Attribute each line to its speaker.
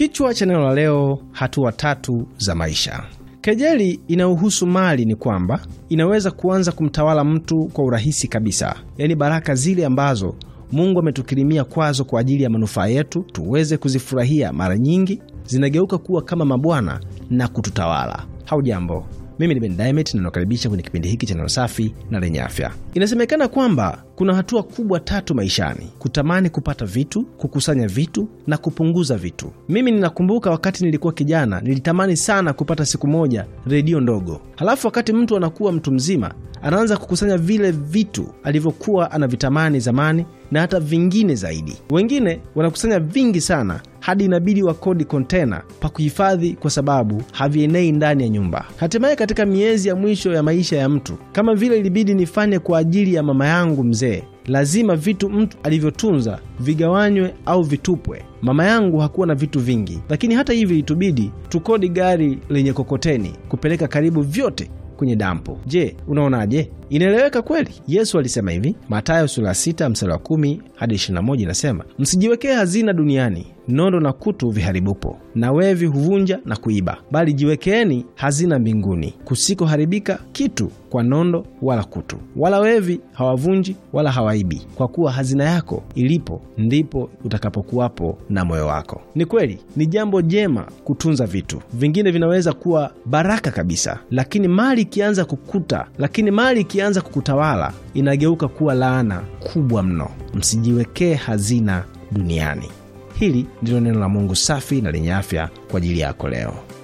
Speaker 1: Kichwa cha neno la leo, hatua tatu za maisha. Kejeli inayohusu mali ni kwamba inaweza kuanza kumtawala mtu kwa urahisi kabisa, yaani baraka zile ambazo Mungu ametukirimia kwazo kwa ajili ya manufaa yetu tuweze kuzifurahia, mara nyingi zinageuka kuwa kama mabwana na kututawala. Haujambo. Mimi ni Ben na nakaribisha kwenye kipindi hiki cha neno safi na lenye afya. Inasemekana kwamba kuna hatua kubwa tatu maishani: kutamani kupata vitu, kukusanya vitu na kupunguza vitu. Mimi ninakumbuka wakati nilikuwa kijana, nilitamani sana kupata siku moja redio ndogo. Halafu wakati mtu anakuwa mtu mzima, anaanza kukusanya vile vitu alivyokuwa anavitamani zamani na hata vingine zaidi. Wengine wanakusanya vingi sana hadi inabidi wakodi kontena pa kuhifadhi kwa sababu havienei ndani ya nyumba. Hatimaye, katika miezi ya mwisho ya maisha ya mtu, kama vile ilibidi nifanye kwa ajili ya mama yangu mzee, lazima vitu mtu alivyotunza vigawanywe au vitupwe. Mama yangu hakuwa na vitu vingi, lakini hata hivyo itubidi tukodi gari lenye kokoteni kupeleka karibu vyote kwenye dampo. Je, unaonaje? Inaeleweka kweli? Yesu alisema hivi, matayo sura 6 msala wa 1 hadi 21 inasema, msijiwekee hazina duniani nondo na kutu viharibupo na wevi huvunja na kuiba, bali jiwekeeni hazina mbinguni kusikoharibika kitu kwa nondo wala kutu wala wevi hawavunji wala hawaibi, kwa kuwa hazina yako ilipo ndipo utakapokuwapo na moyo wako. Ni kweli, ni jambo jema kutunza vitu vingine, vinaweza kuwa baraka kabisa, lakini mali ikianza kukuta, lakini mali ikianza kukutawala inageuka kuwa laana kubwa mno. Msijiwekee hazina duniani. Hili ndilo neno la Mungu safi na lenye afya kwa ajili yako leo.